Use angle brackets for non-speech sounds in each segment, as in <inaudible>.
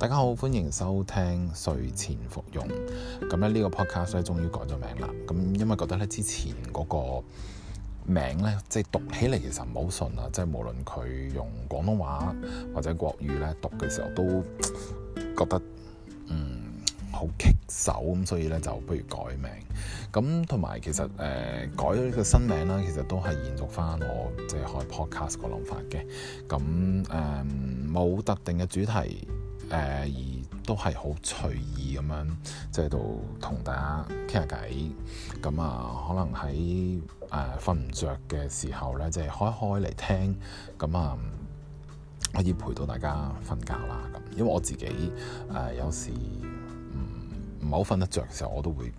大家好，歡迎收聽睡前服用。咁咧呢個 podcast 咧，終於改咗名啦。咁因為覺得咧之前嗰個名咧，即係讀起嚟其實唔好順啊。即係無論佢用廣東話或者國語咧讀嘅時候，都覺得嗯好棘手咁，所以咧就不如改名。咁同埋其實誒、呃、改咗呢個新名啦，其實都係延續翻我即係開 podcast 個諗法嘅。咁誒冇特定嘅主題。誒、呃、而都係好隨意咁樣，即係度同大家傾下偈，咁啊可能喺誒瞓唔着嘅時候咧，就係、開開嚟聽，咁啊可以陪到大家瞓覺啦。咁因為我自己誒、呃、有時唔唔好瞓得着嘅時候，我都會。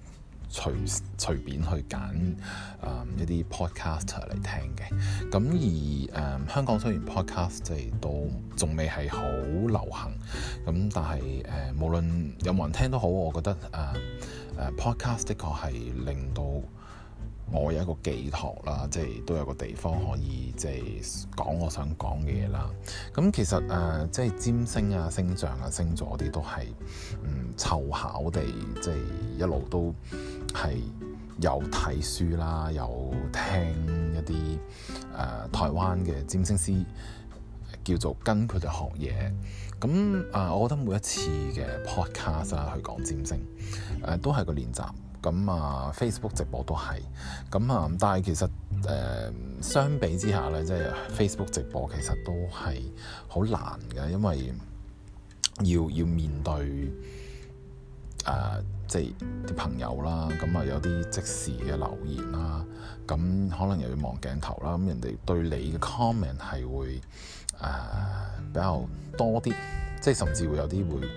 隨隨便去揀誒、嗯、一啲 podcaster 嚟聽嘅，咁而誒、嗯、香港雖然 podcast 即係都仲未係好流行，咁但係誒、呃、無論有冇人聽都好，我覺得誒誒、呃啊、podcast 的確係令到我有一個寄託啦，即、就、係、是、都有個地方可以即係、就是、講我想講嘅嘢啦。咁其實誒即係占星啊、星象啊、星座啲都係嗯湊巧地，即、就、係、是、一路都。係有睇書啦，有聽一啲誒、呃、台灣嘅占星師叫做跟佢哋學嘢。咁啊、呃，我覺得每一次嘅 podcast 啦、啊、去講占星誒、呃，都係個練習。咁、嗯、啊，Facebook 直播都係。咁、嗯、啊，但係其實誒、呃，相比之下咧，即係 Facebook 直播其實都係好難嘅，因為要要面對誒。呃即係啲朋友啦，咁啊有啲即時嘅留言啦，咁可能又要望鏡頭啦，咁人哋對你嘅 comment 係會誒、呃、比較多啲，即係甚至會有啲會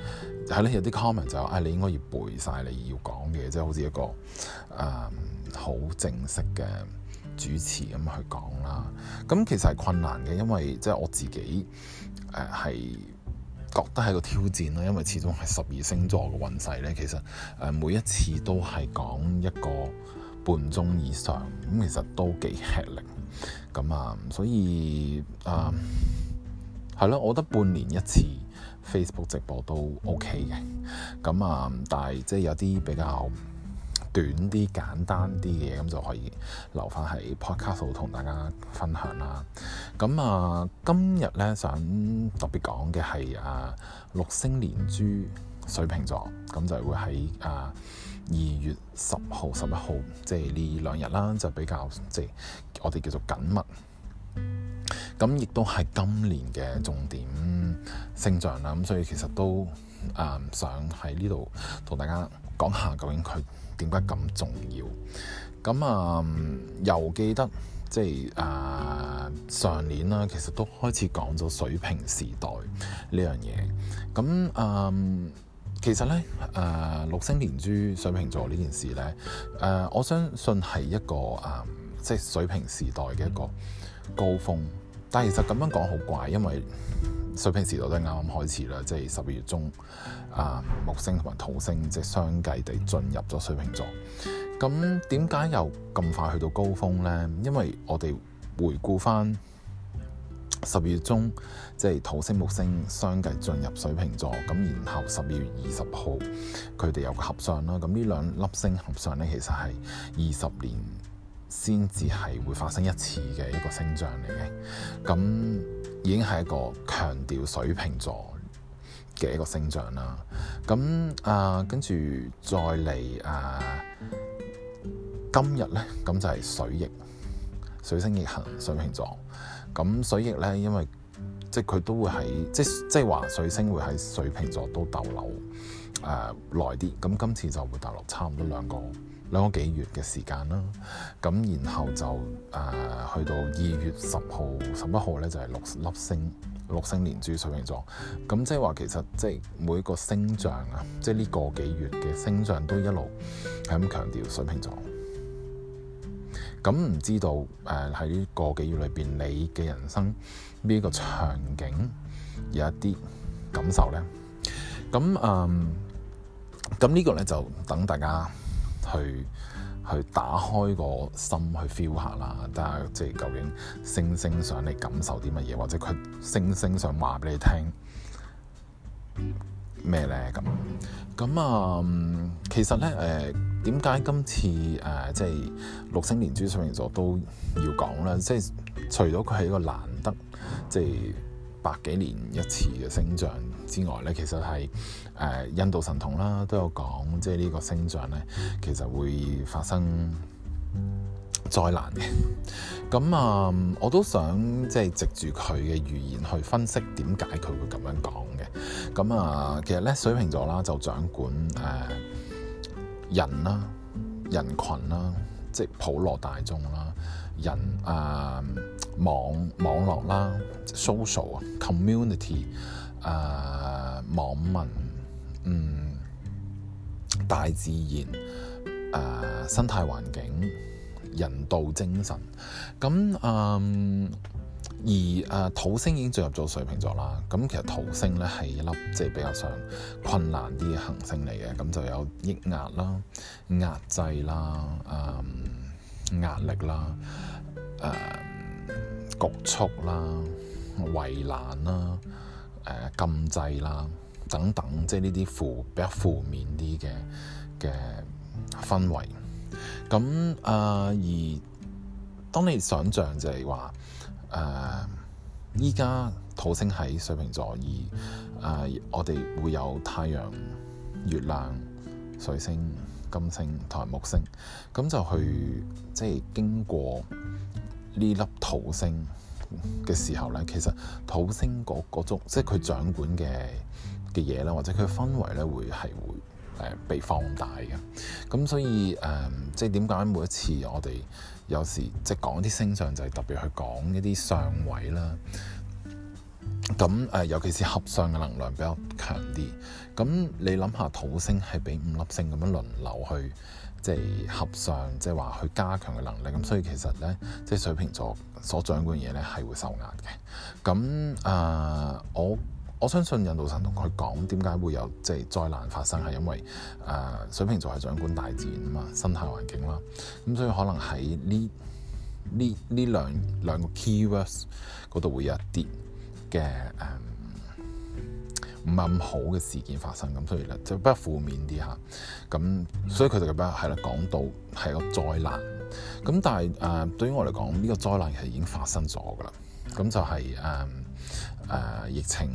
係咯，有啲 comment 就係、是哎、你應該要背晒你要講嘅，即、就、係、係、好似一個誒好、呃、正式嘅主持咁去講啦。咁其實係困難嘅，因為即係我自己誒係。呃覺得係個挑戰咯，因為始終係十二星座嘅運勢咧，其實誒每一次都係講一個半鐘以上，咁其實都幾吃力，咁啊，所以啊係咯，我覺得半年一次 Facebook 直播都 OK 嘅，咁啊，但係即係有啲比較，短啲、簡單啲嘅嘢，咁就可以留翻喺 podcast 度同大家分享啦。咁啊，今日咧想特別講嘅係啊，六星連珠水瓶座，咁就係會喺啊二月十號、十一號，即係呢兩日啦，就比較即係、就是、我哋叫做緊密。咁亦都係今年嘅重點星象啦。咁所以其實都啊，想喺呢度同大家講下，究竟佢。點解咁重要？咁啊、呃，又記得即係啊、呃、上年啦，其實都開始講咗水瓶時代呢樣嘢。咁啊、呃，其實咧，誒、呃、六星連珠水瓶座呢件事咧，誒、呃、我相信係一個啊、呃，即係水瓶時代嘅一個高峰。但其實咁樣講好怪，因為水瓶時代都啱啱開始啦，即係十二月中啊，木星同埋土星即係、就是、相繼地進入咗水瓶座。咁點解又咁快去到高峰呢？因為我哋回顧翻十二月中，即、就、係、是、土星木星相繼進入水瓶座，咁然後十二月二十號佢哋有個合相啦。咁呢兩粒星合相呢，其實係二十年，先至係會發生一次嘅一個星象嚟嘅，咁已經係一個強調水瓶座嘅一個星象啦。咁啊，跟、呃、住再嚟啊、呃，今日咧咁就係水逆，水星逆行水瓶座。咁水逆咧，因為即係佢都會喺即即係話水星會喺水瓶座都逗留誒耐啲。咁、呃、今次就會逗留差唔多兩個兩個幾月嘅時間啦，咁然後就誒、呃、去到二月十號、十一號咧，就係、是、六粒星六星連珠水瓶座。咁即係話，其實即係每一個星象啊，即係呢個幾月嘅星象都一路係咁強調水瓶座。咁唔知道誒喺、呃、呢個幾月裏邊，你嘅人生呢個場景有一啲感受咧？咁嗯、咁、呃、呢個咧就等大家。去去打開個心去 feel 下啦，睇下即係究竟星星想你感受啲乜嘢，或者佢星星想話俾你聽咩咧？咁咁啊，其實咧誒，點解今次誒，即係六星連珠水瓶座都要講咧？即係除咗佢係一個難得即係。百幾年一次嘅星象之外咧，其實係誒、呃、印度神童啦，都有講即係呢個星象咧，其實會發生災難嘅。咁 <laughs> 啊、嗯，我都想即係藉住佢嘅預言去分析點解佢會咁樣講嘅。咁、嗯、啊，其實咧水瓶座啦就掌管誒、呃、人啦、人群啦、即係普羅大眾啦。人啊，網網絡啦，social community 啊，網民，嗯，大自然啊，生態環境，人道精神。咁嗯，而啊土星已經進入咗水瓶座啦。咁其實土星咧係一粒即係、就是、比較上困難啲嘅行星嚟嘅，咁就有抑壓啦、壓制啦，嗯。壓力啦，誒、呃、局促啦、圍欄啦、誒、呃、禁制啦等等，即係呢啲負比較負面啲嘅嘅氛圍。咁啊、呃，而當你想像就係話，誒依家土星喺水瓶座，而、呃、誒我哋會有太陽、月亮、水星、金星同埋木星，咁就去即係經過呢粒土星嘅時候咧，其實土星嗰嗰種即係佢掌管嘅嘅嘢啦，或者佢氛圍咧，會係會誒被放大嘅。咁所以誒、嗯、即係點解每一次我哋有時即係講啲星象就係、是、特別去講一啲相位啦。咁誒、呃，尤其是合相嘅能量比較強啲。咁你諗下，土星係比五粒星咁樣輪流去，即係合相，即係話去加強嘅能力。咁所以其實咧，即係水瓶座所掌管嘅嘢咧係會受壓嘅。咁誒、呃，我我相信印度神童佢講，點解會有即係災難發生，係因為誒、呃、水瓶座係掌管大自然啊嘛，生態環境啦。咁所以可能喺呢呢呢兩兩個 keywords 嗰度會有一啲。嘅誒唔係咁好嘅事件發生，咁，所以咧就比較負面啲嚇。咁所以佢就比較係啦，講到係個災難。咁但係誒、呃，對於我嚟講，呢、這個災難係已經發生咗噶啦。咁就係誒誒疫情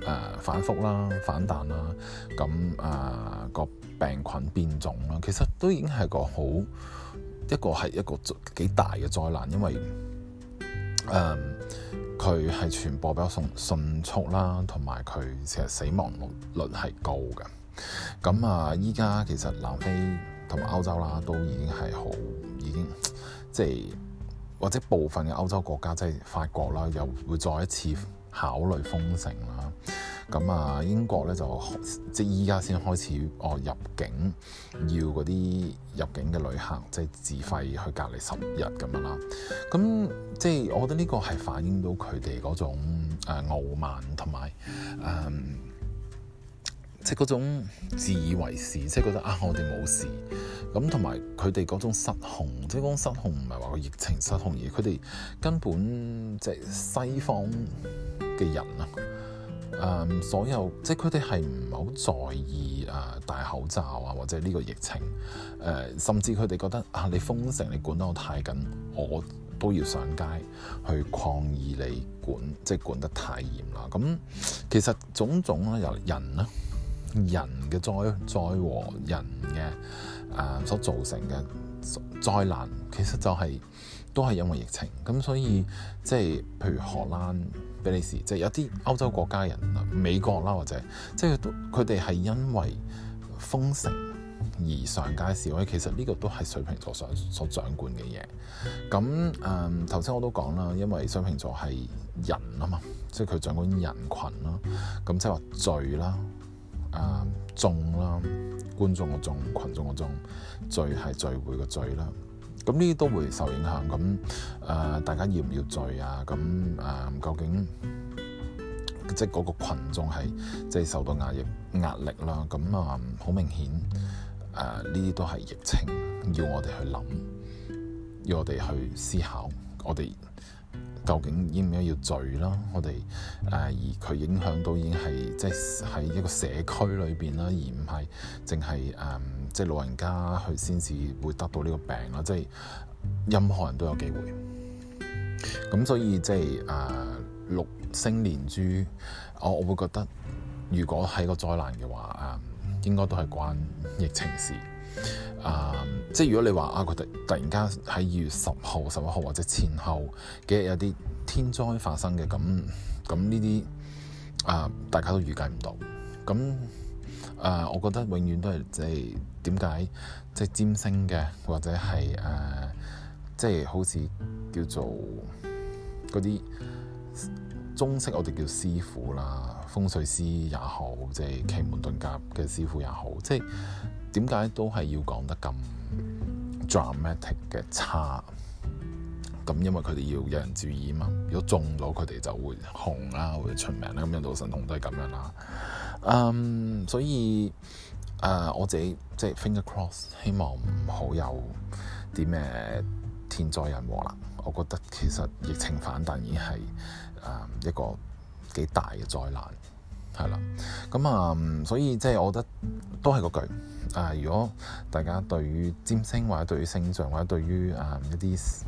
誒、呃、反覆啦、反彈啦。咁誒、呃、個病菌變種啦，其實都已經係個好一個係一個幾大嘅災難，因為。誒，佢係、um, 傳播比較迅迅速啦，同埋佢其實死亡率率係高嘅。咁啊，依家其實南非同埋歐洲啦，都已經係好，已經即係或者部分嘅歐洲國家，即係法國啦，又會再一次。考慮封城啦，咁啊英國咧就即依家先開始哦，入境要嗰啲入境嘅旅客即自費去隔離十日咁樣啦。咁即我覺得呢個係反映到佢哋嗰種、呃、傲慢同埋誒即嗰種自以為是，即覺得啊我哋冇事咁，同埋佢哋嗰種失控，即嗰種失控唔係話個疫情失控而佢哋根本即西方。嘅人啊，誒，所有即係佢哋係唔係好在意誒、呃、戴口罩啊，或者呢個疫情誒、呃，甚至佢哋覺得啊，你封城你管得我太緊，我都要上街去抗議你管，即係管得太嚴啦。咁、嗯、其實種種咧，由人咧，人嘅災災禍，人嘅誒、呃、所造成嘅災難，其實就係、是。都係因為疫情，咁所以即係譬如荷蘭、比利時，即係有啲歐洲國家人、美國啦，或者即係都佢哋係因為封城而上街示威，其實呢個都係水瓶座上所，所掌管嘅嘢。咁誒頭先我都講啦，因為水瓶座係人啊嘛，即係佢掌管人群啦，咁即係話聚啦、誒眾啦、觀眾嘅眾、群眾嘅眾、聚係聚會嘅聚啦。咁呢啲都會受影響，咁誒、呃、大家要唔要聚啊？咁誒、呃、究竟即係嗰個羣眾係即係受到壓抑壓力啦？咁啊好明顯誒呢啲都係疫情，要我哋去諗，要我哋去思考，我哋究竟應唔應該要聚啦、啊？我哋誒、呃、而佢影響到已經係即係喺一個社區裏邊啦，而唔係淨係誒。呃即係老人家佢先至會得到呢個病啦，即係任何人都有機會。咁所以即係誒、呃、六星連珠，我、呃、我會覺得如果係個災難嘅話，誒、呃、應該都係關疫情事。誒、呃、即係如果你話啊，佢突突然間喺二月十號、十一號或者前後幾日有啲天災發生嘅，咁咁呢啲啊大家都預計唔到。咁誒，uh, 我覺得永遠都係即係點解即係占星嘅，或者係誒，uh, 即係好似叫做嗰啲中式，我哋叫師傅啦，風水師也好，即係奇門遁甲嘅師傅也好，即係點解都係要講得咁 dramatic 嘅差？咁因為佢哋要有人注意啊嘛，如果中咗佢哋就會紅啦、啊，會出名啦、啊，咁印度神童都係咁樣啦、啊。嗯，um, 所以誒，uh, 我自己即係、就是、finger cross，希望唔好有啲咩天災人禍啦。我覺得其實疫情反彈已係誒、um, 一個幾大嘅災難，係啦。咁啊，um, 所以即係、就是、我覺得都係嗰句啊。Uh, 如果大家對於占星，或者對於星象，或者對於啊、um, 一啲。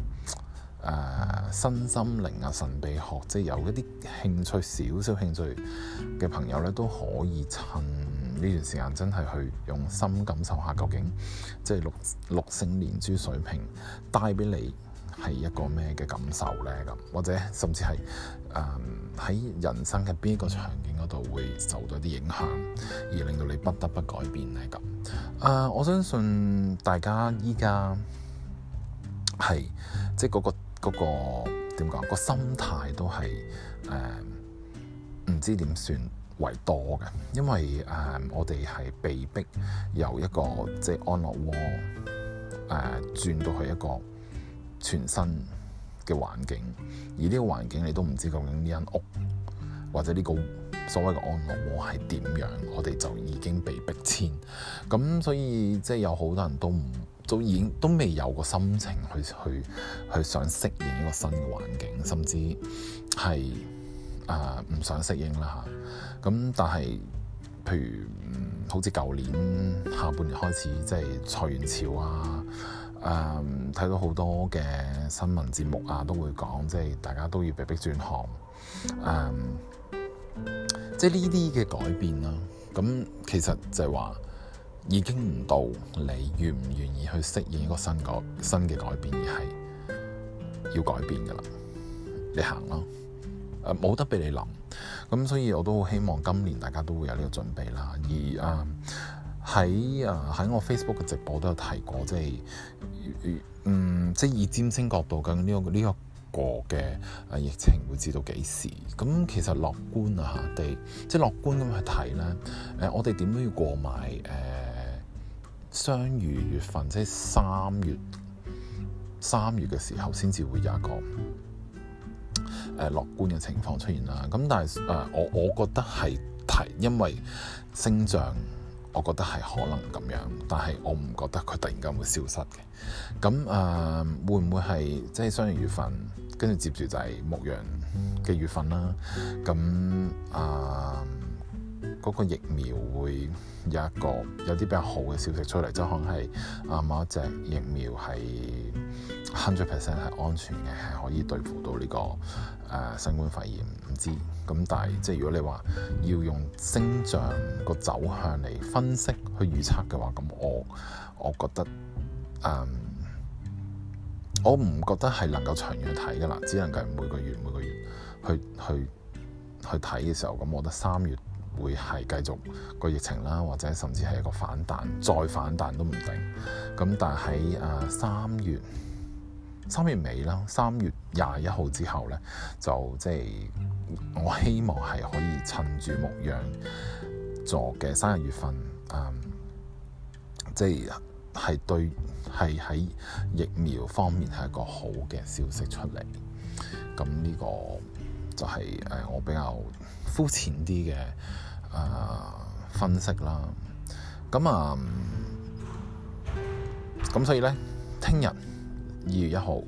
誒、uh, 身心靈啊，神秘學，即係有一啲興趣，少少興趣嘅朋友咧，都可以趁呢段時間，真係去用心感受下，究竟即係六六星連珠水瓶帶俾你係一個咩嘅感受咧？咁或者甚至係誒喺人生嘅邊一個場景嗰度會受到啲影響，而令到你不得不改變咧？咁誒，uh, 我相信大家依家係即係嗰、那個。嗰、那個點講，個心態都係誒唔知點算為多嘅，因為誒、呃、我哋係被逼由一個即係安樂窩誒轉到去一個全新嘅環境，而呢個環境你都唔知究竟呢間屋或者呢個所謂嘅安樂窩係點樣，我哋就已經被逼遷，咁所以即係有好多人都唔。都已經都未有個心情去去去想適應一個新嘅環境，甚至係、呃、啊唔想適應啦嚇。咁但係譬如好似舊年下半年開始，即係裁員潮啊，誒、啊、睇到好多嘅新聞節目啊，都會講即係大家都要被逼轉行，誒、啊，即係呢啲嘅改變啦、啊。咁、啊、其實就係話。已經唔到你願唔願意去適應一個新個新嘅改變，而係要改變噶啦，你行咯，誒、呃、冇得俾你諗。咁所以我都好希望今年大家都會有呢個準備啦。而誒喺誒喺我 Facebook 嘅直播都有提過，即係、呃、嗯即係以占星角度究竟呢、這個呢一、這個嘅誒疫情會至到幾時？咁其實樂觀啊吓、呃，我哋即係樂觀咁去睇咧。誒我哋點都要過埋誒。呃雙魚月份，即係三月，三月嘅時候先至會有一個誒、呃、樂觀嘅情況出現啦。咁但係誒、呃，我我覺得係提，因為星象我覺得係可能咁樣，但係我唔覺得佢突然間會消失嘅。咁誒、呃，會唔會係即係雙魚月份，跟住接住就係牡羊嘅月份啦？咁啊？呃嗰個疫苗會有一個有啲比較好嘅消息出嚟，就可能係啊某一隻疫苗係 hundred percent 係安全嘅，係可以對付到呢、這個誒、呃、新冠肺炎。唔知咁，但係即係如果你話要用星象個走向嚟分析去預測嘅話，咁我我覺得嗯我唔覺得係能夠長遠去睇噶啦，只能夠每個月每個月去去去睇嘅時候，咁我覺得三月。會係繼續個疫情啦，或者甚至係一個反彈，再反彈都唔定。咁但係喺誒三月三月尾啦，三月廿一號之後咧，就即係我希望係可以趁住牧羊座嘅生日月份，誒、嗯，即係係對係喺疫苗方面係一個好嘅消息出嚟。咁呢個就係、是、誒、呃、我比較膚淺啲嘅。誒、uh, 分析啦，咁啊，咁、uh, 所以咧，聽日二月一號，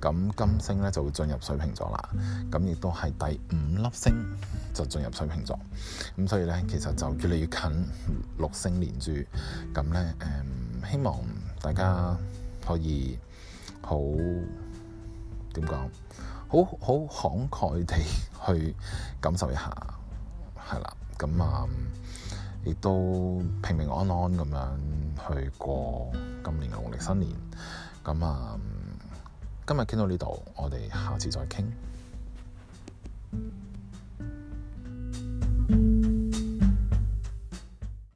咁金星咧就會進入水瓶座啦。咁亦都係第五粒星就進入水瓶座。咁所以咧，其實就越嚟越近六星連珠。咁咧，誒、呃、希望大家可以好點講，好好慷慨地去感受一下，係啦。咁啊，亦、嗯、都平平安安咁樣去過今年嘅農曆新年。咁、嗯、啊，今日傾到呢度，我哋下次再傾。